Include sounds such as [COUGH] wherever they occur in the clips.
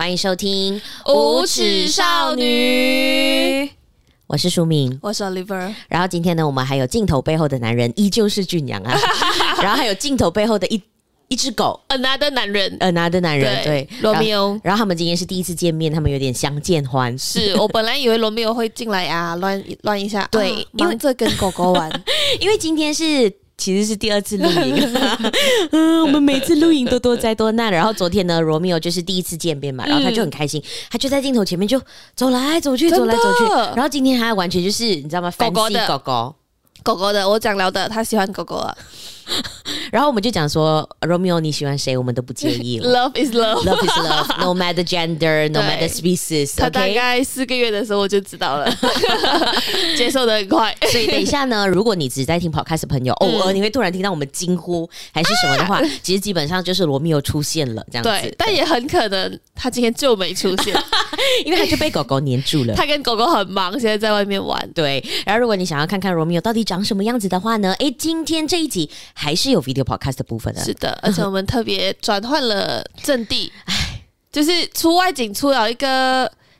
歡迎收聽《無恥少女》，我是舒敏，我是 Oliver。然後今天呢，我們還有鏡頭背後的男人，依舊是俊陽啊。 [LAUGHS] 然後還有鏡頭背後的一一隻狗，Another 男人，Another 男人，男人對，羅密歐。然後他們今天是第一次見面，他們有點相見歡。是我本來以為羅密歐會進來啊，亂亂一下，對、啊，忙着跟狗狗玩。 [LAUGHS] 因為今天是。其實是第二次錄影，嗯，我們每次錄影都多災多難。然後昨天呢，羅密歐就是第一次見面嘛，然後他就很開心，嗯、他就在鏡頭前面就走來走去，走來走去。然後今天他完全就是你知道嗎？狗狗的狗狗狗狗的，我講聊的，他喜歡狗狗啊。然後我們就講說，羅密歐，你喜歡誰？我們都不介意 Love is love, love is love, no matter gender, no matter species。他大概四個月的時候我就知道了，接受得很快。所以等一下呢，如果你只在聽 podcast 朋友，偶爾你會突然聽到我們驚呼還是什麼的話，其實基本上就是羅密歐出現了這樣子。但也很可能他今天就沒出現，因為他就被狗狗黏住了。他跟狗狗很忙，現在在外面玩。對。然後如果你想要看看羅密歐到底長什麼樣子的話呢？哎，今天這一集，還是有 video podcast 的部分的，是的，而且我們特別轉換了陣地， [LAUGHS] 就是出外景，出了一個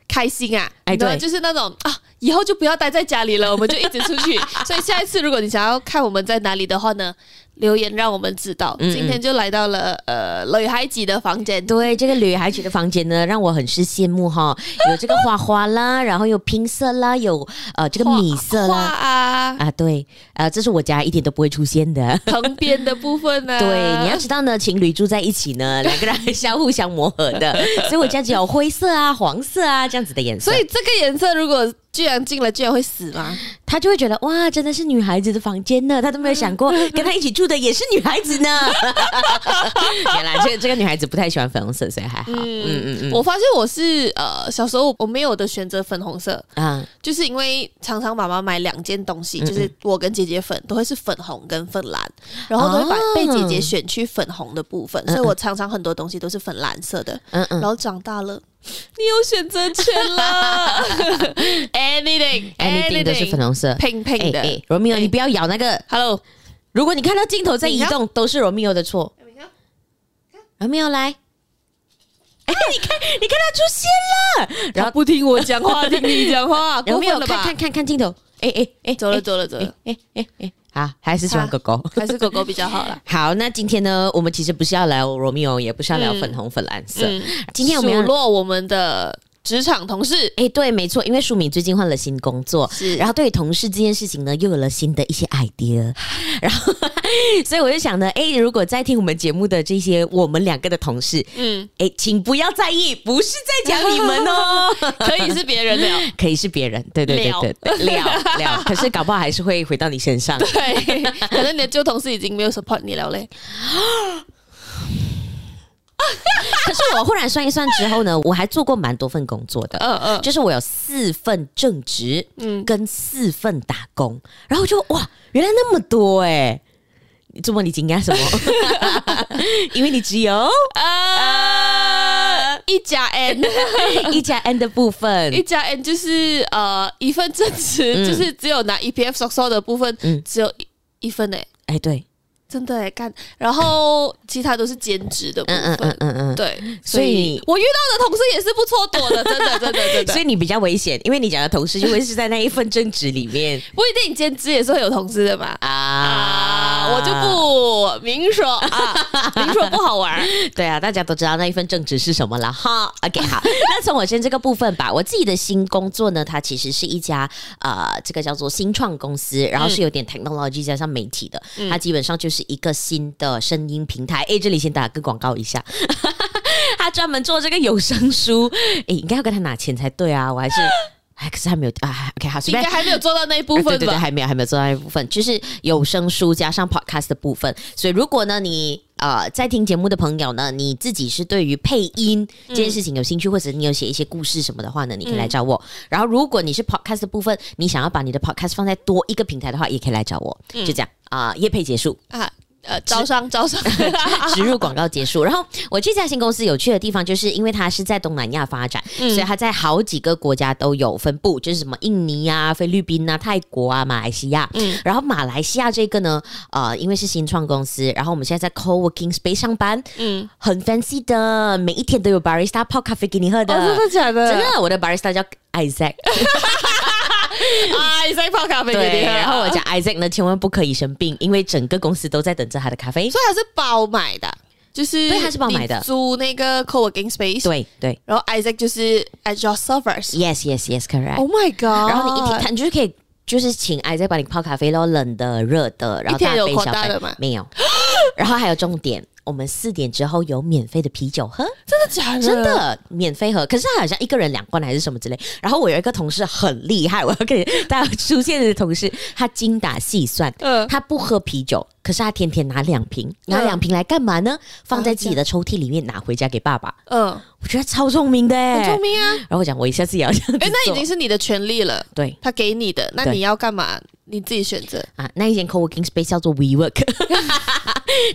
開心啊，哎唉，對，就是那種啊，以後就不要待在家裡了，我們就一直出去， [LAUGHS] 所以下一次如果你想要看我們在哪裡的話呢？留言讓我們知道，今天就來到了嗯嗯呃女孩子的房間。對，這個女孩子的房間呢，讓我很是羨慕哈，有這個花花啦，然後有拼色啦，有呃這個米色啦啊，啊，對呃，這是我家一點都不會出現的旁邊的部分呢、啊？對，你要知道呢，情侶住在一起呢，兩個人還相互相磨合的，所以我家只有灰色啊、黃色啊這樣子的顏色。所以這個顏色如果。居然進了，居然會死嗎？他就會覺得哇，真的是女孩子的房間呢。他都沒有想過，跟他一起住的也是女孩子呢。原 [LAUGHS] 來 [LAUGHS] 這個、這個女孩子不太喜歡粉紅色，所以還好。嗯，嗯嗯嗯。我發現我是呃，小時候我沒有的選擇粉紅色啊，嗯、就是因為常常媽媽買兩件東西，就是我跟姐姐粉嗯嗯都會是粉紅跟粉藍，然後都會把被姐姐選去粉紅的部分，嗯嗯所以我常常很多東西都是粉藍色的。嗯嗯。然後長大了，你有選擇權了，anything，anything 的是粉紅色，pink，pink 的。羅密歐，你不要咬那個。Hello，如果你看到鏡頭在移動，都是羅密歐的錯。看，沒有來。你看，你看他出現了。然後不聽我講話，聽你講話。羅密歐，看看看看鏡頭。哎哎哎，走了走了走了。哎哎哎。啊，還是喜歡狗狗，啊、還是狗狗比較好啦。 [LAUGHS] 好，那今天呢，我們其實不是要聊羅密歐，也不是要聊粉紅粉藍色，嗯嗯、今天我們數落我們的。職場同事，哎、欸，對，沒錯，因為淑敏最近換了新工作，是，然後對同事這件事情呢，又有了新的一些 idea，然後，所以我就想呢，哎、欸，如果在聽我們節目的這些我們兩個的同事，嗯，哎、欸，請不要在意，不是在講、啊、你們哦、喔，可以是別人的， [LAUGHS] 可以是別人，對對對對，對，聊聊，聊 [LAUGHS] 可是搞不好還是會回到你身上，對，可能你的舊同事已經沒有 support 你了嘞。 [LAUGHS] 可是我忽然算一算之後呢，我還做過蠻多份工作的，嗯嗯，嗯就是我有四份正職，嗯，跟四份打工，嗯、然後就哇，原來那麼多哎、欸，做麼，你驚訝什麼？ [LAUGHS] [LAUGHS] 因為你只有啊、呃呃、一加 n， [LAUGHS] 一加 n 的部分，一加 n 就是呃一份正職，嗯、就是只有拿 EPF 收收的部分，嗯，只有一一份的、欸，哎、欸、對。真的來、欸、幹，然後其他都是兼職的部分，嗯嗯嗯嗯嗯，對，所以我遇到的同事也是不錯多的， [LAUGHS] 的，真的真的真的，所以你比較危險，因為你講的同事就會是在那一份正職裡面，不一定兼職也是會有同事的嘛啊。啊我就不明說啊，明說不好玩。 [LAUGHS] 對啊，大家都知道那一份正職是什麼了哈。OK，好，那從我先這個部分吧，我自己的新工作呢，它其實是一家呃，這個叫做新創公司，然後是有點 technology 加上媒體的，它基本上就是一個新的聲音平台。誒，這裡先打個廣告一下，他 [LAUGHS] 專門做這個有聲書。誒，應該要跟他拿錢才對啊，我還是。 [LAUGHS] 哎，可是還沒有啊！OK，好，應該還沒有做到那一部分吧？啊、對對對，還沒有，還沒有做到那一部分，就是有聲書加上 podcast 的部分。所以，如果呢，你呃在聽節目的朋友呢，你自己是對於配音這件事情有興趣，嗯、或者你有寫一些故事什麼的話呢，你可以來找我。嗯、然後，如果你是 podcast 的部分，你想要把你的 podcast 放在多一個平台的話，也可以來找我。嗯、就這樣啊，呃、業配結束啊。呃，招商直招商植 [LAUGHS] 入廣告結束。 [LAUGHS] 然後我去這家新公司有趣的地方，就是因為它是在東南亞發展，嗯、所以它在好幾個國家都有分布，就是什麼印尼啊、菲律賓啊、泰國啊、馬來西亞。嗯，然後馬來西亞這個呢，呃，因為是新創公司，然後我們現在在 co working space 上班，嗯，很 fancy 的，每一天都有 barista 泡咖啡給你喝的，哦、真的假的？真的，我的 barista 叫 Isaac。 [LAUGHS] [LAUGHS] i s, [LAUGHS] S、uh, Isaac 泡咖啡給你，對 [LAUGHS] 然後我講 Isaac 呢，千萬不可以生病，因為整個公司都在等着他的咖啡，所以他是包買的，就是對，他是包買的，租那個 co-working space，對對，對，然後 Isaac 就是 at your service yes yes yes, yes correct，Oh my god，然後你一天，你就是可以就是請 Isaac 幫你泡咖啡然後冷的、熱的，然後大杯 [LAUGHS] 小杯的嘛，沒有，然後還有重點。我們四點之後有免費的啤酒喝，真的假的？真的免費喝，可是他好像一個人兩罐還是什麼之類。然後我有一個同事很厲害，我要給大家他出現的同事，他精打細算，嗯，他不喝啤酒，可是他天天拿兩瓶，嗯、拿兩瓶來幹嘛呢？放在自己的抽屜裡面，拿回家給爸爸。嗯、啊，我覺得超聰明的、欸，很聰明啊。然後我講，我一下子也要這樣、欸。那已經是你的權利了，對，他給你的，那你要幹嘛？你自己選擇啊，那一間 coworking space 叫做 WeWork，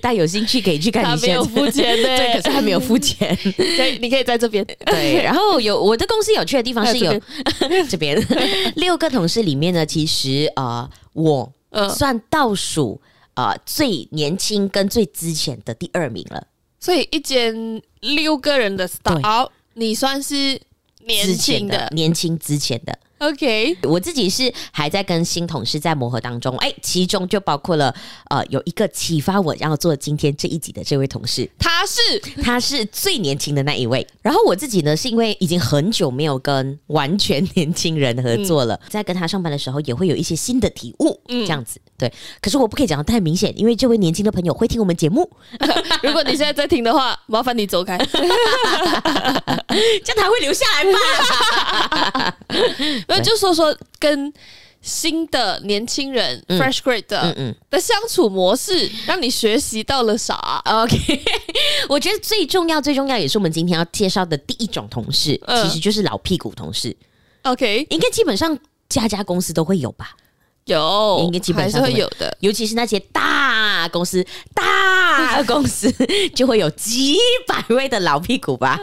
大家有興趣可以去看。你沒有付錢對，可是他沒有付錢，對，你可以在這邊。 [LAUGHS] 對，然後有我的公司有趣的地方是有，有這邊 [LAUGHS] 六個同事裡面呢，其實啊、呃，我算倒數啊、哦呃，最年輕跟最值錢的第二名了。所以一間六個人的 style, s t y r e 好，你算是年輕的，的，年輕值錢的。OK，我自己是還在跟新同事在磨合當中，哎、欸，其中就包括了呃，有一個啟發我要做今天這一集的這位同事，他是他是最年輕的那一位。然後我自己呢，是因為已經很久沒有跟完全年輕人合作了，嗯、在跟他上班的時候也會有一些新的體悟，嗯、這樣子對。可是我不可以講得太明顯，因為這位年輕的朋友會聽我們節目。 [LAUGHS] 如果你現在在聽的話，麻煩你走開， [LAUGHS] [LAUGHS] 這樣他會留下來吧。 [LAUGHS] 那就說說跟新的年輕人、嗯、fresh grade 的，嗯嗯的相處模式，讓你學習到了啥 [LAUGHS] ？OK， [LAUGHS] 我覺得最重要最重要也是我們今天要介紹的第一種同事，呃、其實就是老屁股同事。OK，應該基本上家家公司都會有吧？有，應該基本上會，是會有的，尤其是那些大公司，大公司就會有幾百位的老屁股吧？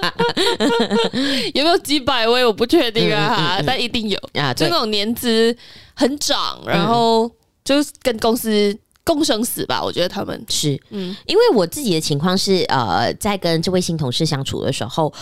[LAUGHS] [LAUGHS] 有沒有幾百位？我不確定啊，嗯嗯嗯、但一定有啊，就那種年資很長，然後就是跟公司。共生死吧，我覺得他們是，嗯，因為我自己的情況是，呃，在跟這位新同事相處的時候，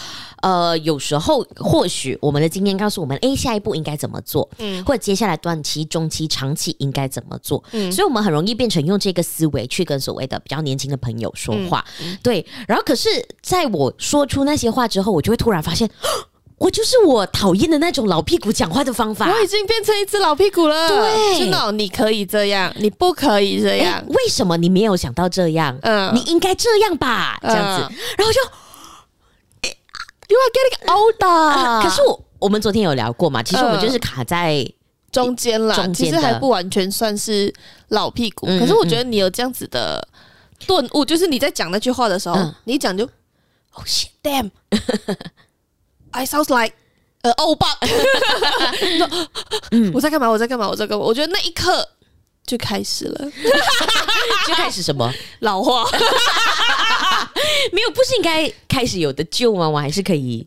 呃，有時候或許我們的經驗告訴我們，誒，下一步應該怎麼做，嗯，或者接下來短期、中期、長期應該怎麼做，嗯，所以我們很容易變成用這個思維去跟所謂的比較年輕的朋友說話，嗯、對，然後可是，在我說出那些話之後，我就會突然發現。呵我就是我討厭的那種老屁股講話的方法。我已經變成一隻老屁股了。對，真的，你可以這樣，你不可以這樣。為什麼你沒有想到這樣？嗯，你應該這樣吧，這樣子。然後就 you are getting old。可是我，我們昨天有聊過嘛？其實我們就是卡在中間了，其實還不完全算是老屁股。可是我覺得你有這樣子的頓悟，就是你在講那句話的時候，你一講就 oh shit damn。I sounds like 呃歐巴，我在幹嘛？我在幹嘛？我在幹嘛？我覺得那一刻就開始了， [LAUGHS] 就開始什麼？老話。 [LAUGHS] [LAUGHS] [LAUGHS] 沒有，不是應該開始有的救嗎？我還是可以，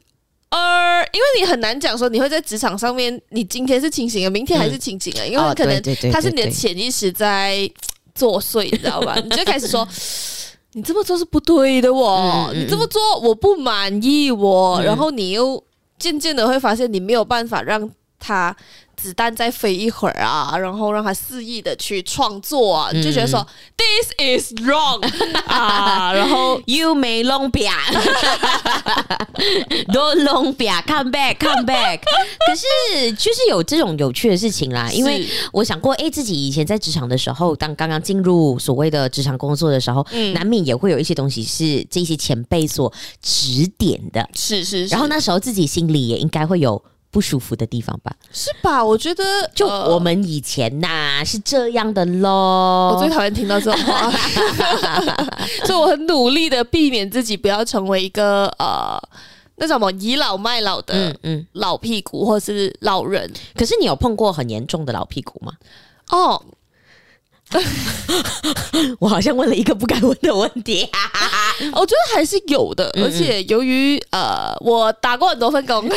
呃，uh, 因為你很難講說你會在職場上面，你今天是清醒的，明天還是清醒的，因為可能他是你的潛意識在作祟，你知道吧？你就開始說。 [LAUGHS] 你這麼做是不對的哦，嗯嗯、你這麼做我不滿意我，嗯、然後你又漸漸的會發現你沒有辦法讓他。子彈再飛一會兒啊，然後讓他肆意的去創作，啊，就覺得說，嗯、This is wrong，啊、 [LAUGHS] 然後 You may long be don't long be come back come back。 [LAUGHS] 可是就是有這種有趣的事情啦，是因為我想過，哎、欸，自己以前在職場的時候，當剛剛進入所謂的職場工作的時候，嗯、難免也會有一些東西是這些前輩所指點的，是是是，然後那時候自己心裡也應該會有。不舒服的地方吧，是吧？我覺得，就我們以前呐、啊呃、是這樣的嘍。我最討厭聽到這種話， [LAUGHS] [LAUGHS] 所以我很努力的避免自己不要成為一個呃那種什麼倚老賣老的，嗯嗯，老屁股或是老人。嗯嗯、可是你有碰過很嚴重的老屁股嗎？哦， [LAUGHS] [LAUGHS] 我好像問了一個不該問的問題、啊、 [LAUGHS] 我覺得還是有的，嗯嗯而且由於呃，我打過很多份工。 [LAUGHS]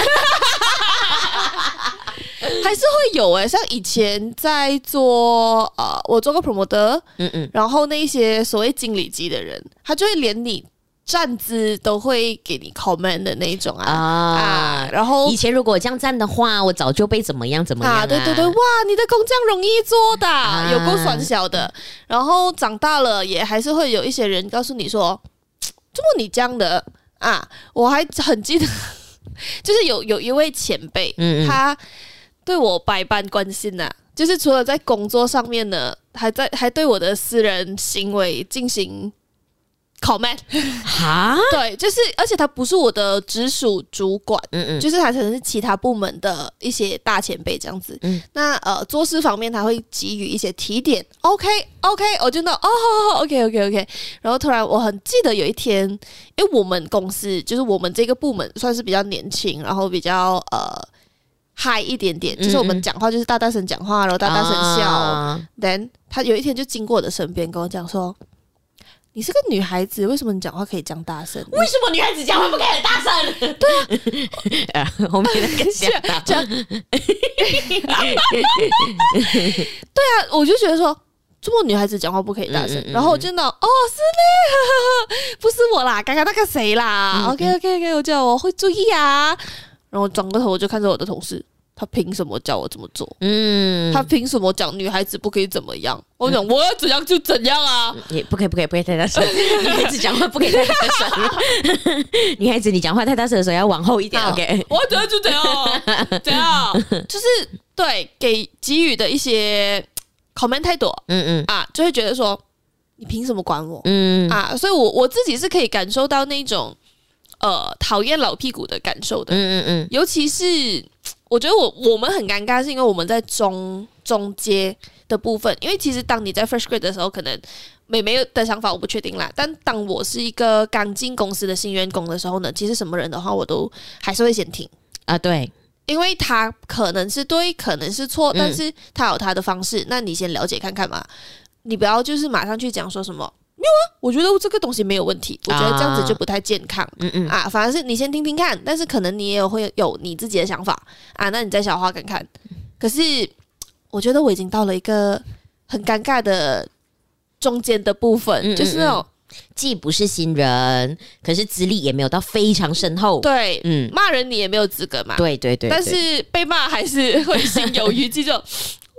還是會有哎、欸，像以前在做呃，我做過 promoter，嗯嗯，然後那一些所謂經理級的人，他就會連你站姿都會給你 comment 的那一種啊啊，啊，然後以前如果我這樣站的話，我早就被怎麼樣怎麼樣啊，啊對對對，哇，你的工匠容易做的，啊、有夠酸小的。然後長大了也還是會有一些人告訴你說，這麼你這樣的啊，我還很記得，就是有有一位前輩，嗯，嗯，他。對我百般關心吶、啊，就是除了在工作上面呢，還在還對我的私人行為進行 comment 啊？蛤 [LAUGHS] 對，就是而且他不是我的直屬主管，嗯嗯，就是他可能是其他部門的一些大前輩這樣子。嗯，那呃，做事方面他會給予一些提點。OK，OK，我就那哦哦哦，OK，OK，OK。然後突然我很記得有一天，因為我們公司就是我們這個部門算是比較年輕，然後比較呃。嗨一點點，就是我們講話就是大大聲講話然後大大聲笑。Then，他有一天就經過我的身邊，跟我講說：“你是個女孩子，為什麼你講話可以講大聲？為什麼女孩子講話不可以大聲？”對啊，我們覺得跟簡單。對啊，我就覺得說，這麼女孩子講話不可以大聲。然後我真的哦，是你，不是我啦，剛剛那個誰啦？OK OK OK，我叫我會注意啊。然後轉個頭我就看着我的同事，他憑什麼教我怎麼做？嗯，他憑什麼講女孩子不可以怎麼樣？嗯、我講我要怎樣就怎樣啊！你、嗯、不可以，不可以，不可以太大聲。嗯、女孩子講話不可以太大聲。 [LAUGHS] 女孩子你講話太大聲的時候要往後一點好，OK？我要怎樣就怎樣， [LAUGHS] 怎樣就是對給給予的一些 comment 太多，嗯嗯啊，就會覺得說你憑什麼管我？嗯啊，所以我我自己是可以感受到那種。呃，討厭老屁股的感受的，嗯嗯嗯，尤其是我覺得我我們很尷尬，是因為我們在中中間的部分，因為其實當你在 fresh grade 的時候，可能美美的想法我不確定啦，但當我是一個剛進公司的新員工的時候呢，其實什麼人的話，我都還是會先聽啊，對，因為他可能是對，可能是錯，但是他有他的方式，嗯、那你先了解看看嘛，你不要就是馬上去講說什麼。沒有啊，我覺得這個東西沒有問題，啊、我覺得這樣子就不太健康。啊、嗯嗯啊，反而是你先聽聽看，但是可能你也有會有你自己的想法啊。那你再小花看看，可是我覺得我已經到了一個很尷尬的中間的部分，嗯嗯嗯，就是那種既不是新人，可是資歷也沒有到非常深厚。對，嗯，罵人你也沒有資格嘛。對對，對對對，但是被罵還是會心有餘悸。 [LAUGHS]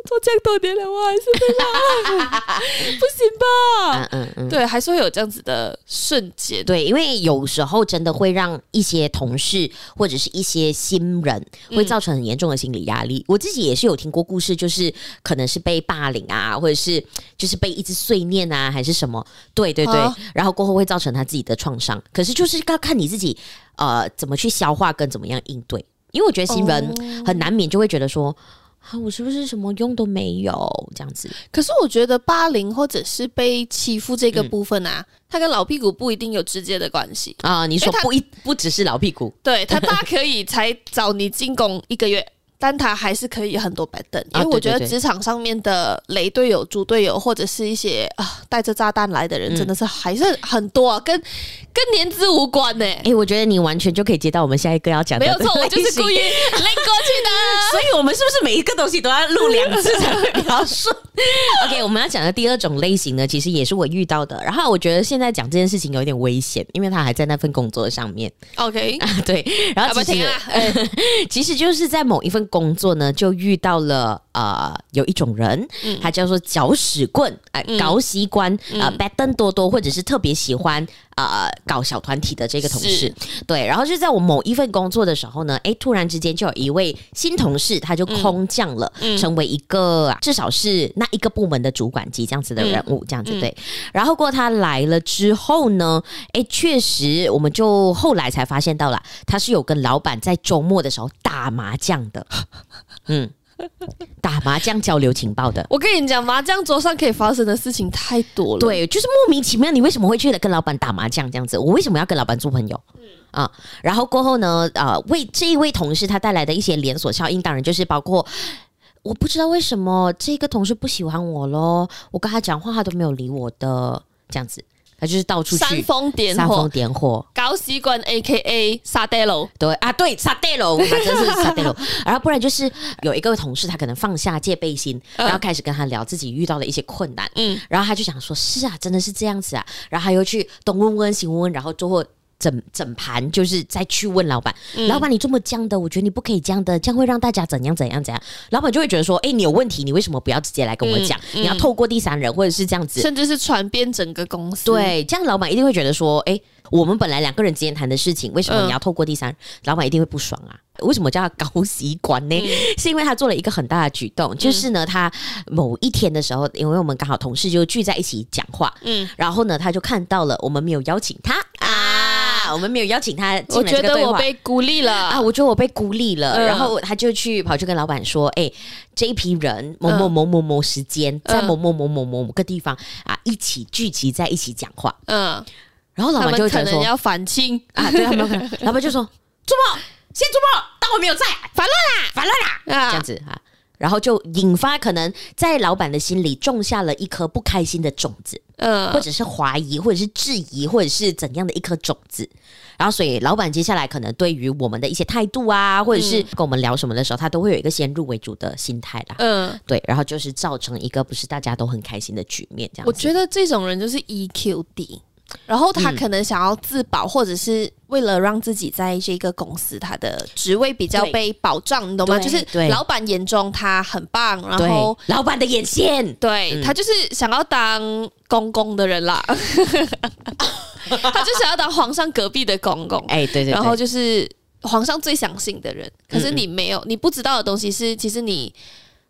做這樣多年了，我還是被啦。 [LAUGHS] [LAUGHS] 不行吧？嗯嗯嗯，嗯嗯對，還是會有這樣子的瞬間。對，因為有時候真的會讓一些同事或者是一些新人，會造成很嚴重的心理壓力。嗯、我自己也是有聽過故事，就是可能是被霸凌啊，或者是就是被一直碎念啊，還是什麼？對對對，哦、然後過後會造成他自己的創傷。可是就是要看你自己呃怎麼去消化跟怎麼樣應對，因為我覺得新人很難免就會覺得說。哦啊，我是不是什麼用都沒有這樣子？可是我覺得霸凌或者是被欺負這個部分啊，嗯、它跟老屁股不一定有直接的關係啊。你說、欸、不一它不只是老屁股，對，他大可以才找你進攻一個月， [LAUGHS] 但他還是可以很多 pattern。因為我覺得職場上面的雷隊友、豬隊友，或者是一些啊。帶着炸彈來的人真的是還是很多，啊，跟跟年資無關呢、欸。哎、欸，我覺得你完全就可以接到我們下一個要講的。沒有錯，我就是故意拎過去的。 [LAUGHS] 所以，我們是不是每一個東西都要錄兩次的描述？OK，我們要講的第二種類型呢，其實也是我遇到的。然後，我覺得現在講這件事情有一點危險，因為他還在那份工作上面。OK，啊，對。然後，其實吧、呃、其實就是在某一份工作呢，就遇到了啊、呃，有一種人，他、嗯、叫做攪屎棍，哎、啊，搞屎。嗯關啊拜登多多，或者是特別喜歡啊、呃、搞小團體的這個同事，是對，然後就在我某一份工作的時候呢，哎、欸，突然之間就有一位新同事，他就空降了，嗯嗯、成為一個至少是那一個部門的主管級這樣子的人物，這樣子、嗯嗯、對。然後過他來了之後呢，哎、欸，確實，我們就後來才發現到了，他是有跟老板在周末的時候打麻將的， [LAUGHS] 嗯。 [LAUGHS] 打麻將交流情報的，我跟你講，麻將桌上可以發生的事情太多了。對，就是莫名其妙，你為什麼會覺得跟老板打麻將這樣子？我為什麼要跟老板做朋友？嗯、啊，然後過後呢，啊、呃，為這一位同事他帶來的一些連鎖效應，當然就是包括我不知道為什麼這個同事不喜歡我嘍，我跟他講話他都沒有理我的這樣子。他就是到處煽風點火、煽風點火，高習慣 A K A 沙蛋龍，對，啊，對啊，對沙蛋龍，反正是沙蛋龍。 [LAUGHS] 然後不然就是有一個同事，他可能放下戒備心，然後開始跟他聊自己遇到的一些困難，嗯，然後他就想說，是啊，真的是這樣子啊，然後他又去東問問西問，然後最後。整整盤就是再去問老闆，嗯、老闆你這麼僵的，我覺得你不可以這樣的，這樣會讓大家怎樣怎樣怎樣。老闆就會覺得說，哎、欸，你有問題，你為什麼不要直接來跟我講？嗯嗯、你要透過第三人或者是這樣子，甚至是傳遍整個公司。對，這樣老闆一定會覺得說，哎、欸，我們本來兩個人之間談的事情，為什麼你要透過第三人？嗯、老闆一定會不爽啊。為什麼叫他高習慣呢？嗯、是因為他做了一個很大的舉動，就是呢，嗯、他某一天的時候，因為我們剛好同事就聚在一起講話，嗯，然後呢，他就看到了我們沒有邀請他啊。我們沒有邀請他。我覺得我被孤立了啊！我覺得我被孤立了。然後他就去跑去跟老闆說：“哎，這一批人某某某某某時間在某某某某某某個地方啊，一起聚集在一起講話。”嗯，然後老闆就可能你要反清啊？對，老闆就說：“朱某，先朱某，當我沒有在，反亂啦，反亂啦！”這樣子哈。然後就引發可能在老板的心裡種下了一顆不開心的種子，嗯、呃，或者是懷疑，或者是質疑，或者是怎樣的一顆種子。然後所以老板接下來可能對於我們的一些態度啊，或者是跟我們聊什麼的時候，他都會有一個先入為主的心態啦，嗯、呃，對，然後就是造成一個不是大家都很開心的局面。這樣，我覺得這種人就是 EQ 低。然後他可能想要自保，或者是為了讓自己在這個公司他的職位比較被保障，你懂嗎？就是老闆眼中他很棒，然後老闆的眼線，對他就是想要當公公的人啦，他就想要當皇上隔壁的公公。哎，對對，然後就是皇上最相信的人。可是你沒有，你不知道的東西是，其實你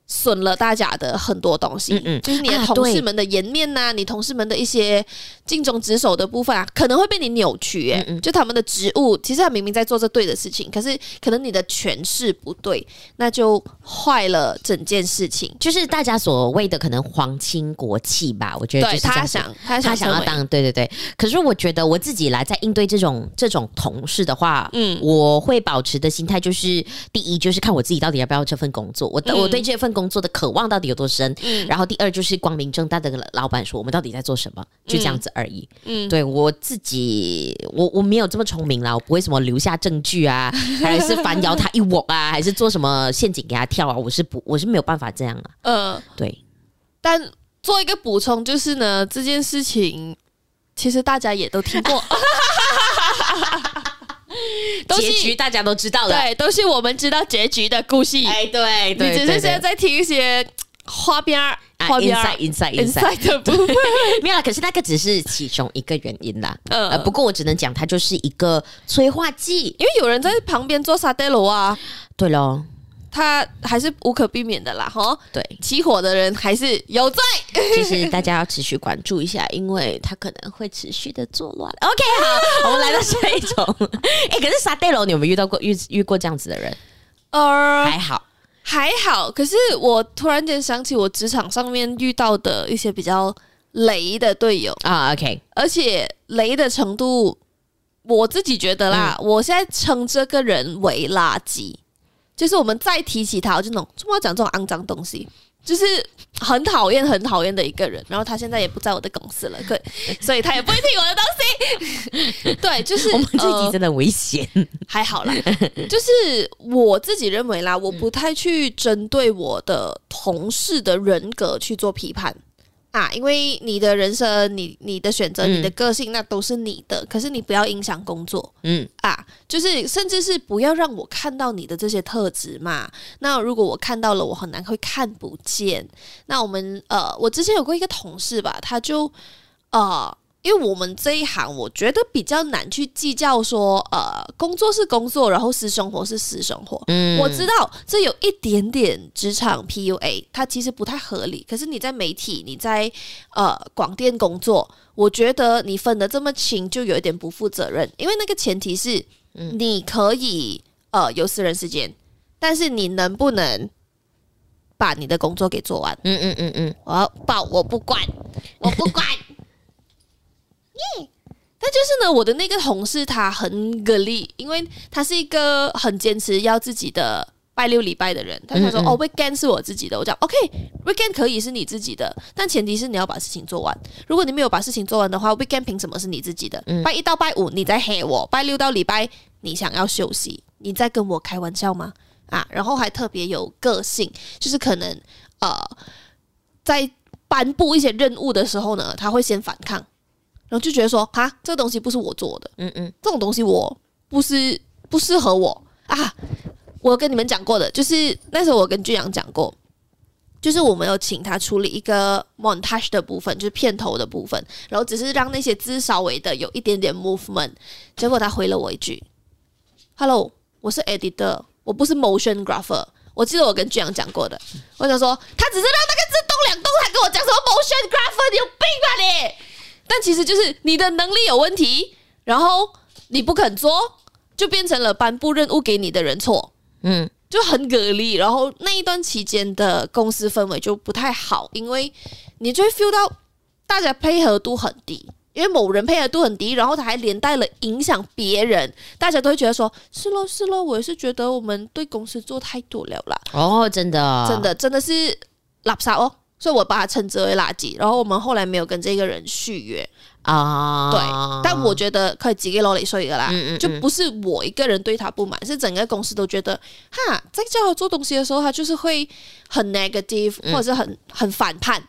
損了大家的很多東西，嗯，就是你的同事們的顏面吶，你同事們的一些。盡忠職守的部分啊，可能會被你扭曲。欸。哎、嗯嗯，就他們的職務，其實他明明在做著對的事情，可是可能你的詮釋不對，那就壞了整件事情。就是大家所謂的可能皇親國戚吧，我覺得就是他，他想他想要當，對對對。可是我覺得我自己來在應對這種這種同事的話，嗯，我會保持的心態就是，第一就是看我自己到底要不要這份工作，我的、嗯、我對這份工作的渴望到底有多深。嗯、然後第二就是光明正大的跟老闆說，我們到底在做什麼，就這樣子。嗯而已，嗯，對我自己，我我沒有這麼聰明啦，我不會什麼留下證據啊，還是反咬他一窩啊，還是做什麼陷阱給他跳啊，我是不，我是沒有辦法這樣啊。呃，對，但做一個補充就是呢，這件事情其實大家也都聽過， [LAUGHS] [LAUGHS] 結局大家都知道了，對，都是我們知道結局的故事，哎、欸，對，對，只是現在在聽一些。花邊兒，花邊兒、啊、，inside inside inside 的不會沒有啦，可是那個只是其中一個原因啦。呃，呃不過我只能講，它就是一個催化劑，因為有人在旁邊做沙爹螺啊，對嘍，他還是無可避免的啦，齁。對，起火的人還是有罪，就是大家要持續關注一下，因為他可能會持續的作亂。OK，好，啊，我們來到下一種，哎、 [LAUGHS] 欸，可是沙爹螺你有沒有遇到過遇遇過這樣子的人？哦、呃，還好。還好，可是我突然間想起我職場上面遇到的一些比較雷的隊友啊，OK，而且雷的程度，我自己覺得啦，嗯、我現在稱這個人為垃圾，就是我們再提起他，我就那種不要講這種骯髒東西。就是很討厭、很討厭的一個人，然後他現在也不在我的公司了，對，所以他也不會聽我的東西。 [LAUGHS] 對，就是我們自己真的危險，呃，還好啦，就是我自己認為啦，我不太去針對我的同事的人格去做批判。啊、因為你的人生、你你的選擇、你的個性，嗯、那都是你的。可是你不要影響工作，嗯啊，就是甚至是不要讓我看到你的這些特質嘛。那如果我看到了，我很難會看不見。那我們呃，我之前有過一個同事吧，他就呃。因為我們這一行，我覺得比較難去計較說，呃，工作是工作，然後私生活是私生活。嗯，我知道這有一點點職場 PUA，它其實不太合理。可是你在媒體，你在呃廣電工作，我覺得你分得這麼清，就有一點不負責任。因為那個前提是，你可以、嗯、呃有私人時間，但是你能不能把你的工作給做完？嗯嗯嗯嗯，我要報，我不管，我不管。 [LAUGHS] 耶！但就是呢，我的那個同事他很給力，因為他是一個很堅持要自己的拜六禮拜的人。他他說嗯嗯哦，weekend 是我自己的。我講 OK，weekend，okay，可以是你自己的，但前提是你要把事情做完。如果你沒有把事情做完的話，weekend 憑什麼是你自己的？嗯、拜一到拜五，你在黑我；拜六到禮拜，你想要休息，你在跟我開玩笑嗎？啊！然後還特別有個性，就是可能呃，在頒布一些任務的時候呢，他會先反抗。然後就覺得說，哈，這個東西不是我做的，嗯嗯，這種東西我不是不適合我啊。我跟你們講過的，就是那時候我跟俊陽講過，就是我們有請他處理一個 montage 的部分，就是片頭的部分，然後只是讓那些字稍微的有一點點 movement。結果他回了我一句：“Hello，我是 editor，我不是 motion grapher。”我記得我跟俊陽講過的，我想說他只是讓那個字動兩動，他跟我講什麼 motion grapher？你有病吧你！但其實就是你的能力有問題，然後你不肯做，就變成了頒布任務給你的人錯，嗯，就很割裂。然後那一段期間的公司氛圍就不太好，因為你就會 feel 到大家配合度很低，因為某人配合度很低，然後他還連帶了影響別人，大家都會覺得說是：是咯，是咯，我也是覺得我們對公司做太多了啦。哦，真的哦，真的，真的是垃圾哦。所以我把它稱之為垃圾。然後我們後來沒有跟這個人續約啊。嗯 uh, 對，但我覺得可以幾個老里說一個啦，嗯嗯嗯，就不是我一個人對他不滿，是整個公司都覺得哈，在叫他做東西的時候，他就是會很 negative，嗯、或者是很很反叛。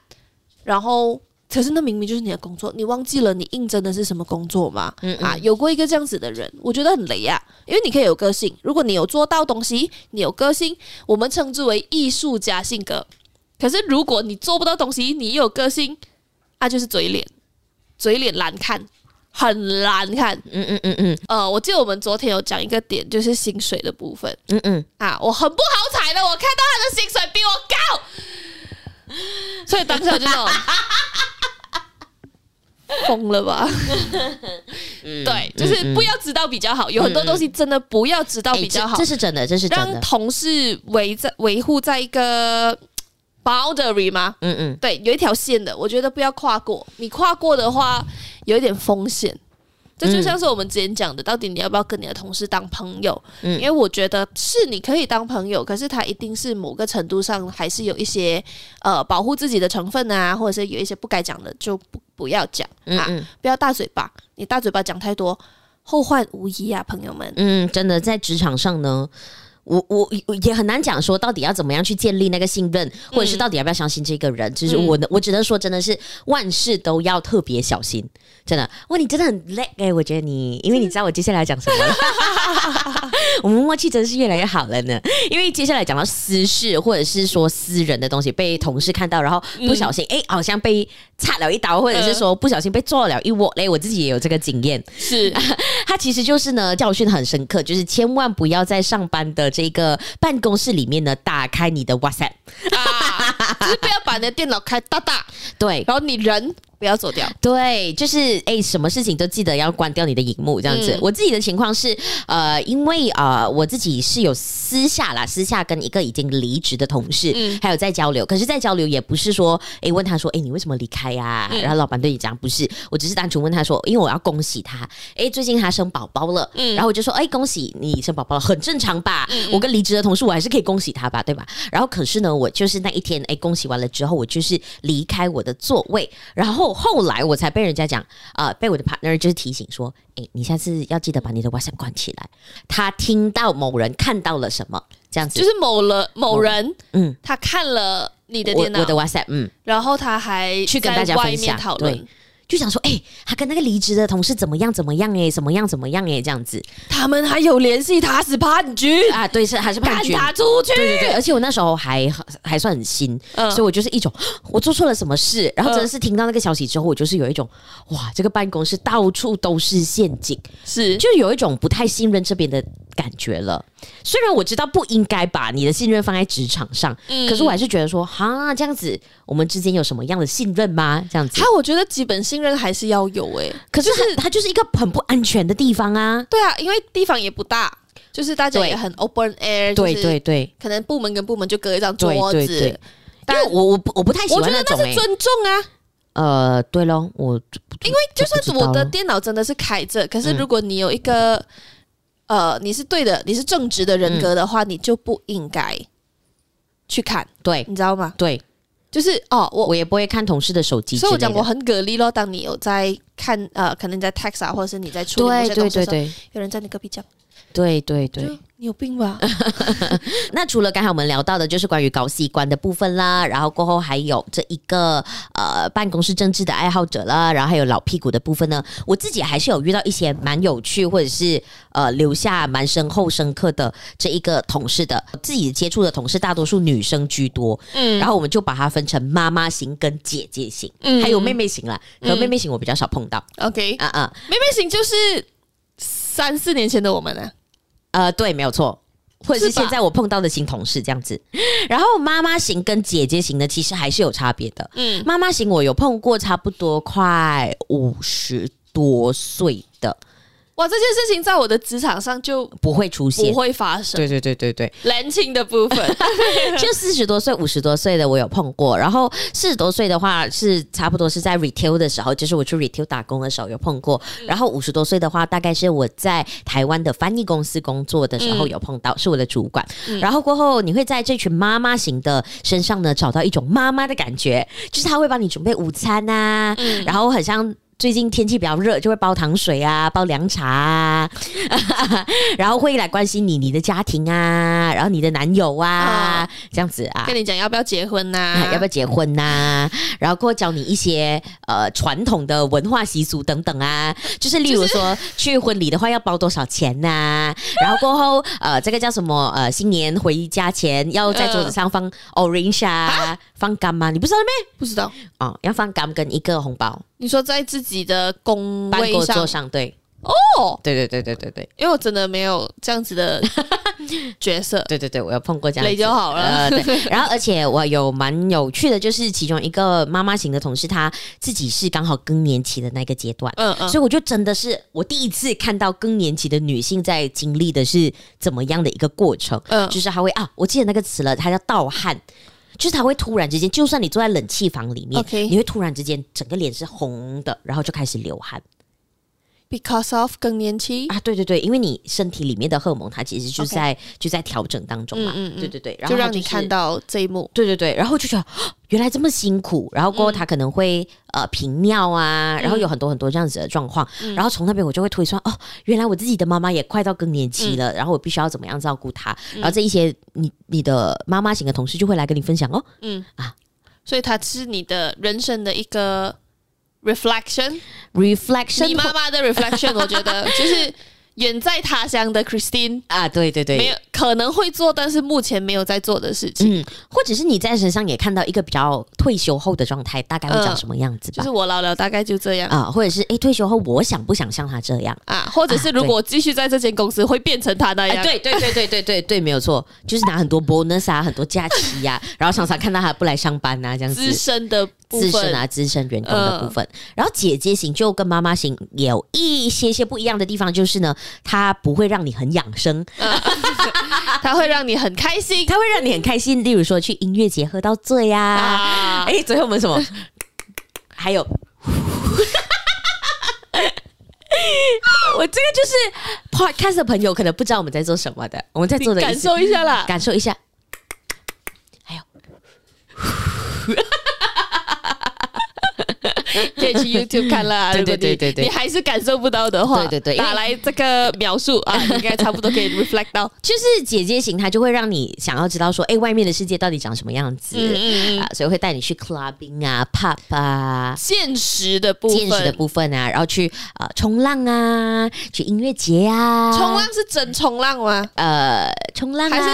然後，可是那明明就是你的工作，你忘記了你應徵的是什麼工作嗎？嗯嗯啊，有過一個這樣子的人，我覺得很雷啊，因為你可以有個性。如果你有做到東西，你有個性，我們稱之為藝術家性格。可是如果你做不到東西，你有個性，那、啊、就是嘴臉，嘴臉難看，很難看。嗯嗯嗯嗯，嗯嗯呃，我記得我們昨天有講一個點，就是薪水的部分。嗯嗯啊，我很不好彩的，我看到他的薪水比我高，嗯嗯、所以當時就那種 [LAUGHS] 瘋了吧？ [LAUGHS] 嗯嗯、對，就是不要知道比較好，有很多東西真的不要知道比較好，嗯嗯欸、這，這是真的，這是真的。讓同事維在維護在一個 Boundary 嗎？嗯嗯，對，有一條線的，我覺得不要跨過。你跨過的話，有一點風險。這就像是我們之前講的，嗯、到底你要不要跟你的同事當朋友？嗯、因為我覺得是你可以當朋友，可是他一定是某個程度上還是有一些呃保護自己的成分啊，或者是有一些不該講的就不不要講啊，嗯嗯不要大嘴巴。你大嘴巴講太多，後患無疑啊，朋友們。嗯，真的在職場上呢。我我也很難講說到底要怎麼樣去建立那個信任，或者是到底要不要相信這個人，嗯、就是我、嗯、我只能說真的是萬事都要特別小心，真的。哇，你真的很累誒、欸。我覺得你，因為你知道我接下來講什麼？嗯、 [LAUGHS] [LAUGHS] 我們默契真的是越來越好了呢。因為接下來講到私事或者是說私人的東西被同事看到，然後不小心哎、嗯欸，好像被插了一刀，或者是說不小心被做了一窩，哎、欸，我自己也有這個經驗，是。 [LAUGHS] 他其實就是呢，教訓很深刻，就是千萬不要在上班的這個辦公室裡面呢，打開你的 WhatsApp、啊、 [LAUGHS] 就是不要把你的電腦開大大，對，然後你人。不要走掉，對，就是誒、欸，什麼事情都記得要關掉你的熒幕，這樣子。嗯、我自己的情況是，呃，因為啊、呃，我自己是有私下啦，私下跟一個已經離職的同事、嗯、還有在交流，可是，在交流也不是說，誒、欸，問他說，誒、欸，你為什麼離開呀、啊？嗯、然後老板對你講，不是，我只是單純問他說，因為我要恭喜他，誒、欸，最近他生寶寶了，嗯，然後我就說，誒、欸，恭喜你生寶寶，很正常吧？嗯嗯，我跟離職的同事，我還是可以恭喜他吧，對吧？然後可是呢，我就是那一天，誒、欸，恭喜完了之後，我就是離開我的座位，然後。後來我才被人家講啊，呃，被我的 partner 就是提醒說，誒，你下次要記得把你的 WhatsApp 關起來。他聽到某人看到了什麼，這樣子就是某人某人，某嗯，他看了你的電腦我我的 WhatsApp，嗯，然後他還去跟大家分享外面討論。對。就想說，哎、欸，他跟那個離職的同事怎麼樣，怎麼樣、欸？怎麼樣？哎，怎麼樣？怎麼樣？哎，這樣子，他們還有聯繫，他是叛軍啊！對，是還是叛軍打出去？對對對！而且我那時候還還算很新，嗯、所以我就是一種我做錯了什麼事。然後真的是聽到那個消息之後，嗯、我就是有一種哇，這個辦公室到處都是陷阱，是就有一種不太信任這邊的感覺了。雖然我知道不應該把你的信任放在職場上，嗯，可是我還是覺得說，哈，這樣子。我們之間有什麼樣的信任嗎？這樣子，他我覺得基本信任還是要有誒，可是他，就是一個很不安全的地方啊。對啊，因為地方也不大，就是大家也很 open air。對對對，可能部門跟部門就隔一張桌子。但我我我不太喜歡，我覺得那是尊重啊。呃，對咯，我因為就算是我的電腦真的是開着，可是如果你有一個呃，你是對的，你是正直的人格的話，你就不應該去看。對，你知道嗎？對。就是哦，我我也不會看同事的手機，所以我講我很隔離咯。當你有在看呃，可能在 text 啊，或者是你在處理一些東西，對對對，有人在你隔壁講。對對對，對對你有病吧？ [LAUGHS] 那除了剛才我們聊到的，就是關於高息觀的部分啦，然後過後還有這一個呃辦公室政治的愛好者啦，然後還有老屁股的部分呢。我自己還是有遇到一些蠻有趣，或者是呃留下蠻深厚深刻的這一個同事的。自己接觸的同事大多數女生居多，嗯，然後我們就把它分成媽媽型跟姐姐型，嗯、還有妹妹型啦。可妹妹型我比較少碰到、嗯，OK 啊啊，嗯，嗯、妹妹型就是。三四年前的我們呢？呃，對，沒有錯，或者是現在我碰到的新同事是吧？這樣子。然後媽媽型跟姐姐型呢，其實還是有差別的。嗯，媽媽型我有碰過，差不多快五十多歲。哇，這件事情在我的職場上就不會出現，不會發生。對對對對對，冷清的部分 [LAUGHS] 就四十多歲、五十多歲的我有碰過。然後四十多歲的話是差不多是在 retail 的時候，就是我去 retail 打工的時候有碰過。嗯、然後五十多歲的話，大概是我在台灣的翻譯公司工作的時候有碰到，嗯、是我的主管。嗯、然後過後你會在這群媽媽型的身上呢找到一種媽媽的感覺，就是他會幫你準備午餐吶、啊，嗯、然後很像。最近天氣比較熱，就會煲糖水啊，煲涼茶啊，啊，然後會來關心你你的家庭啊，然後你的男友啊，啊這樣子啊，跟你講要不要結婚吶、啊啊，要不要結婚吶、啊，然後過教你一些呃傳統的文化習俗等等啊，就是例如說就是 去婚禮的話要包多少錢吶、啊，然後過後 [LAUGHS] 呃這個叫什麼呃新年回家前要在桌子上放 orange，、啊啊、放柑嘛、um 啊？你不知道咩？不知道哦，要放柑跟一個紅包。你說在自己的工位上？對哦，對對對對對對，因為我真的沒有這樣子的角色，對對對，我有碰過這樣子，對就好了。對， [LAUGHS] 然後而且我有蠻有趣的，就是其中一個媽媽型的同事，她自己是剛好更年期的那個階段，嗯嗯，嗯，所以我就真的是我第一次看到更年期的女性在經歷的是怎麼樣的一個過程，嗯，就是她會啊，我記得那個詞了，她叫盜汗。就是他會突然之間，就算你坐在冷氣房裡面，Okay. 你會突然之間整個臉是紅的，然後就開始流汗。Because of 更年期啊，對對對，因為你身體裡面的荷爾蒙，它其實就在 Okay. 就在調整當中嘛，嗯嗯嗯、對對對，然後、就是、讓你看到這一幕，對對對，然後就覺得、哦、原來這麼辛苦，然後過後他可能會呃頻尿啊，然後有很多很多這樣子的狀況，嗯、然後從那邊我就會推算哦，原來我自己的媽媽也快到更年期了，嗯、然後我必須要怎麼樣照顧她，嗯、然後這一些你你的媽媽型的同事就會來跟你分享哦，嗯啊，所以它是你的人生的一個。Reflection? Reflection?Ref ref lection? 你媽媽的 reflection，我覺得就是遠在他鄉的 Christine 啊，對對對，沒有可能會做，但是目前沒有在做的事情。嗯，或者是你在身上也看到一個比較退休後的狀態，大概會長什麼樣子、呃、就是我老了大概就這樣啊、呃，或者是哎、欸、退休後我想不想像他這樣啊？或者是如果繼續在這間公司，啊、會變成他那樣？呃、對對對對對對對，對，沒有錯，就是拿很多 bonus 啊，很多假期呀、啊， [LAUGHS] 然後常常看到他不來上班啊，這樣子。資深的。資深啊，資深員工的部分。呃、然後姐姐型就跟媽媽型有一些些不一樣的地方，就是呢，她不會讓你很養生，她、呃、 [LAUGHS] 會讓你很開心，她會讓你很開心。例如說，去音樂節喝到醉呀、啊。哎、啊，最後我們什麼？呃、還有， [LAUGHS] [LAUGHS] 我這個就是 podcast 的朋友可能不知道我們在做什麼的，我們在做的，的感受一下啦、嗯，感受一下。還有。 [LAUGHS] 可以去 YouTube 看了啊！對對對對，你還是感受不到的話，對對對，打來這個描述啊，應該差不多可以 reflect 到。就是姐姐型，她就會讓你想要知道說，哎，外面的世界到底長什麼樣子？嗯嗯，所以會帶你去 clubbing 啊、pop 啊，現實的部分，現實的部分啊，然後去啊衝浪啊，去音樂節啊。衝浪是真衝浪嗎？呃，衝浪還是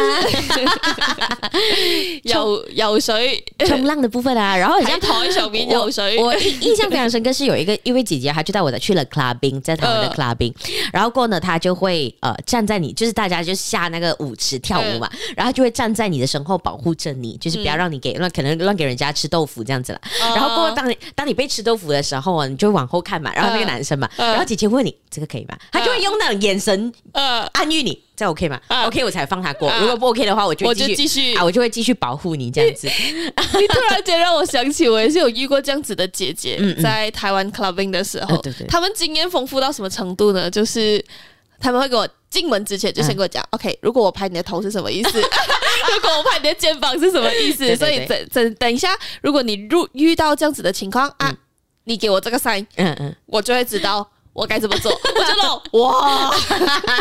有游游水衝浪的部分啊，然後好像上面游水，我一。 [LAUGHS] 印象非常深刻，是有一個，一位姐姐她就帶我的去了 clubbing，在他們的 clubbing，uh, 然後過後呢，她就會呃站在你，就是大家就下那個舞池跳舞嘛，uh, 然後就會站在你的身後保護着你，就是不要讓你給亂，嗯、可能亂給人家吃豆腐這樣子了。Uh, 然後過後當你當你被吃豆腐的時候啊，你就往後看嘛，然後那個男生嘛，uh, 然後姐姐問你、uh, 這個可以嗎？她就會用那種眼神呃、uh, uh, 暗喻你。這樣 OK 嗎？OK 我才放他過。如果不 OK 的話，我就繼續啊，我就會繼續保護你這樣子。你突然間讓我想起，我也是有遇過這樣子的姐姐，在台灣 clubbing 的時候，他們經驗豐富到什麼程度呢？就是他們會給我進門之前就先跟我講：OK，如果我拍你的頭是什麼意思？如果我拍你的肩膀是什麼意思？所以等等等一下，如果你入遇到這樣子的情況啊，你給我這個 sign，嗯嗯，我就會知道。我該怎麼做？ [LAUGHS] 我知道。哇，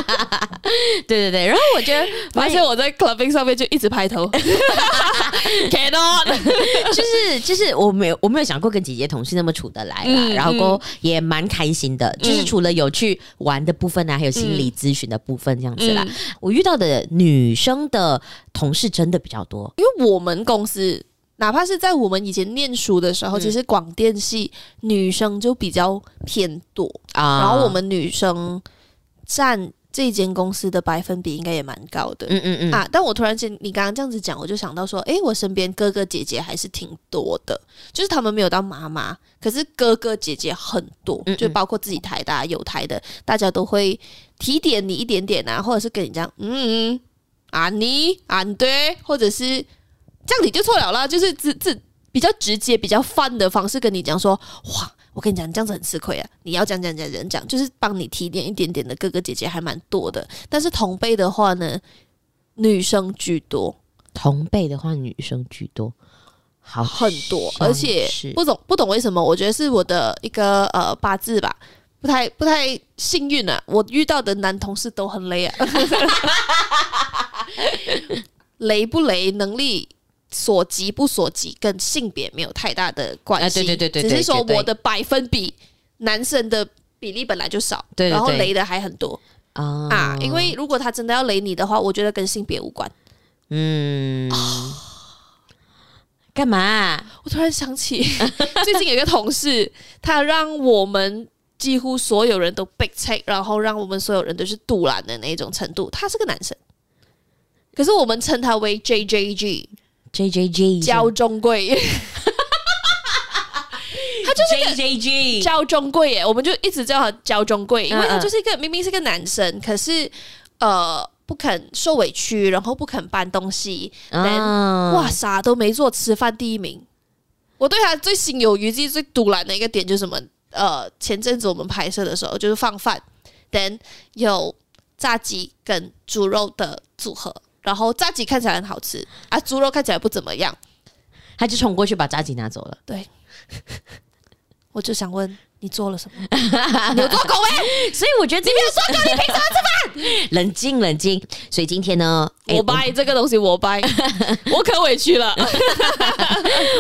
[LAUGHS] 對對對，然後我覺得發現我在 clubbing 上面就一直拍頭，cannot， [LAUGHS] [LAUGHS] Get on! [LAUGHS] 就是就是我沒我沒有想過跟姐姐同事那麼處得來啦，嗯、然後過也蠻開心的，嗯、就是除了有去玩的部分啊，還有心理諮詢的部分這樣子啦。嗯、我遇到的女生的同事真的比較多，因為我們公司。哪怕是在我們以前念書的時候，嗯、其實廣電系女生就比較偏多啊。然後我們女生佔這間公司的百分比應該也蠻高的，嗯嗯嗯啊。但我突然間你剛剛這樣子講，我就想到說，誒，我身邊哥哥姐姐還是挺多的，就是他們沒有當媽媽，可是哥哥姐姐很多，嗯嗯就包括自己台大有台的，大家都會提點你一點點啊，或者是跟你講，嗯嗯，阿、啊、你，阿、啊、對，或者是。這樣你就錯了啦，就是直直比較直接，比較泛的方式跟你講說：哇，我跟你講，你這樣子很吃虧啊！你要講講講人講，就是幫你提點一點點的哥哥姐姐還蠻多的，但是同輩的話呢，女生居多。同輩的話，女生居多，好很多，而且不懂不懂為什麼？我覺得是我的一個呃八字吧，不太不太幸運啊。我遇到的男同事都很雷啊， [LAUGHS] [LAUGHS] 雷不雷？能力。所及不所及，跟性別沒有太大的關係、啊。對對對對,對，只是說我的百分比，對男生的比例本來就少，對對對然後雷的還很多、哦、啊。因為如果他真的要雷你的話，我覺得跟性別無關。嗯，啊、幹嘛、啊？我突然想起， [LAUGHS] 最近有一個同事，他讓我們幾乎所有人都 big check，然後讓我們所有人都是賭爛的那一種程度。他是個男生，可是我們稱他為 J J G。J J J 膠中貴， [LAUGHS] 他就是 J J G 膠中貴耶，G 我們就一直叫他膠中貴，因為他就是一個 uh, uh. 明明是個男生，可是呃不肯受委屈，然後不肯搬東西嗯、uh.，哇啥都沒做，吃飯第一名。我對他最心有餘悸、最獨攬的一個點就是什麼？呃，前陣子我們拍攝的時候，就是放飯，then 有炸雞跟豬肉的組合。然後炸雞看起來很好吃啊，豬肉看起來不怎麼樣，他就衝過去把炸雞拿走了。對， [LAUGHS] 我就想問。你做了什麼？有多狗欸，所以我覺得這邊說狗，你憑什麼吃飯？冷靜，冷靜。所以今天呢，我掰這個東西，我掰，我可委屈了。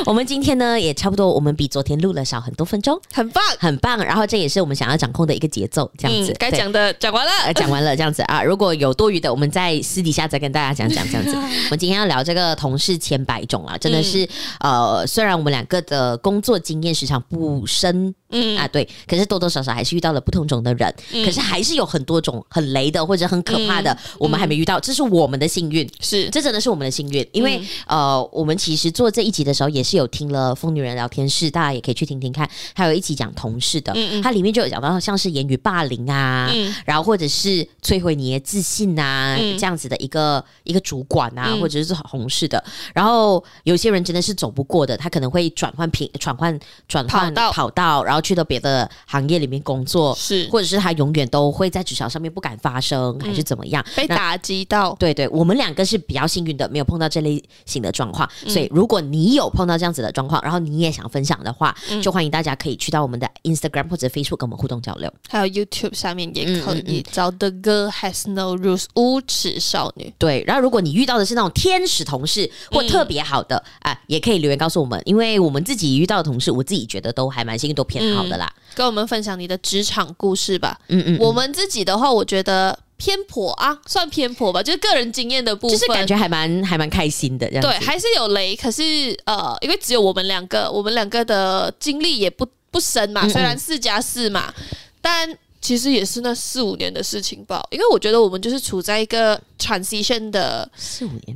我們今天呢，也差不多，我們比昨天錄了少很多分鐘，很棒，很棒。然後這也是我們想要掌控的一個節奏，這樣子。該講的講完了，講完了，這樣子啊。如果有多餘的，我們在私底下再跟大家講講，這樣子。我們今天要聊這個同事千百種啊，真的是呃，雖然我們兩個的工作經驗時常不深。嗯啊對，可是多多少少還是遇到了不同種的人，可是還是有很多種很雷的或者很可怕的，我們還沒遇到，這是我們的幸運，是這真的是我們的幸運，因為呃，我們其實做這一集的時候也是有聽了瘋女人聊天室，大家也可以去聽聽看，還有一集講同事的，他它裡面就有講到像是言語霸凌啊，然後或者是摧毀你的自信啊這樣子的一個一個主管啊，或者是做同事的，然後有些人真的是走不過的，他可能會轉換平轉換轉換跑道，然後。去到別的行業裡面工作，是或者是他永遠都會在職場上面不敢發聲，嗯、還是怎麼樣被打擊到。對，對對，我們兩個是比較幸運的，沒有碰到這類型的狀況。嗯、所以如果你有碰到這樣子的狀況，然後你也想分享的話，嗯、就歡迎大家可以去到我們的 Instagram 或者 Facebook 跟我們互動交流。還有 YouTube 上面也可以找的歌嗯嗯嗯。找 The Girl Has No Rules 無恥少女。對，然後如果你遇到的是那種天使同事或特別好的、嗯、啊，也可以留言告訴我們，因為我們自己遇到的同事，我自己覺得都還蠻幸運，都偏、嗯。好的啦，跟我們分享你的職場故事吧。嗯，嗯嗯，我們自己的話，我覺得偏頗啊，算偏頗吧，就是個人經驗的部分，就是感覺還蠻還蠻開心的這樣。對，還是有雷，可是呃，因為只有我們兩個，我們兩個的經歷也不不深嘛，雖然四加四嘛，嗯嗯但。其實也是那四五年的事情吧，因為我覺得我們就是處在一個 transition 的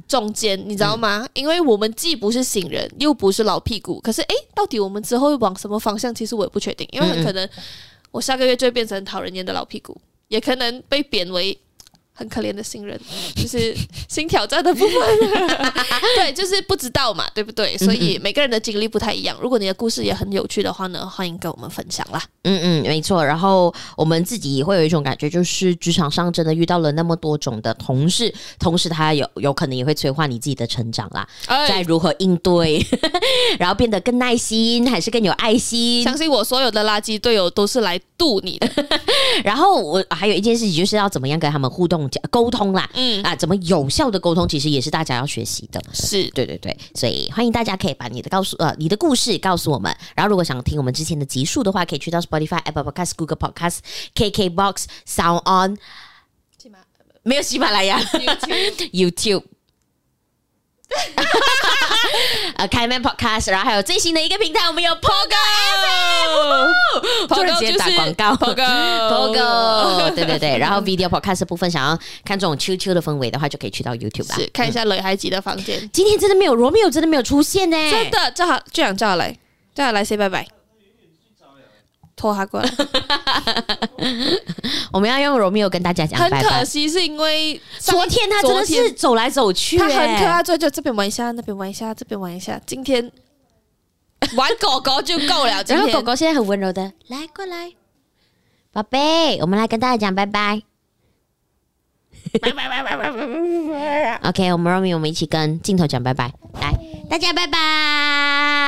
中間，你知道嗎？嗯、因為我們既不是新人，又不是老屁股，可是哎，到底我們之後會往什麼方向？其實我也不確定，因為很可能我下個月就會變成討人厭的老屁股，也可能被貶為。很可憐的新人，就是新挑戰的部分， [LAUGHS] [LAUGHS] 對，就是不知道嘛，對不對？嗯嗯，所以每個人的經歷不太一樣。如果你的故事也很有趣的話呢，歡迎跟我們分享啦。嗯嗯，沒錯。然後我們自己也會有一種感覺，就是職場上真的遇到了那麼多種的同事，同時他有有可能也會催化你自己的成長啦，哎、在如何應對，然後變得更耐心，還是更有愛心。相信我，所有的垃圾隊友都是來渡你的。 [LAUGHS] 然後我還有一件事情，就是要怎麼樣跟他們互動呢？溝通啦，嗯啊，怎麼有效的溝通，其實也是大家要學習的。是對對對，所以歡迎大家可以把你的告訴呃你的故事告訴我們。然後如果想聽我們之前的集數的話，可以去到 Spotify、Apple Podcast、Google Podcast、KKBox、Sound On，喜馬沒有喜馬拉雅 It's，YouTube。 [LAUGHS] 啊！ [LAUGHS] 開曼 Podcast，然後還有最新的一個平台，我們有 Pogo，Pogo、哦、就是、就是、打廣告，Pogo，Pogo， [LAUGHS] 對對對。然後 Video Podcast 部分，想要看這種秋秋的氛圍的話，就可以去到 YouTube 吧，是，看一下雷孩子的房間、嗯。今天真的沒有羅密歐，真的沒有出現呢、欸。真的，正好就講，正好來，正好來，say 說拜拜。拖他過來， [LAUGHS] [LAUGHS] 我們要用 Romeo 跟大家講很可惜，是因為昨天他真的是走來走去，他很可愛，坐在這邊玩一下，那邊玩一下，這邊玩一下。今天玩狗狗就夠了，然後狗狗現在很溫柔的，來過來，寶貝，我們來跟大家講拜拜，拜拜拜拜拜拜拜拜。OK，我們 Romeo，我們一起跟鏡頭講拜拜，來，大家拜拜。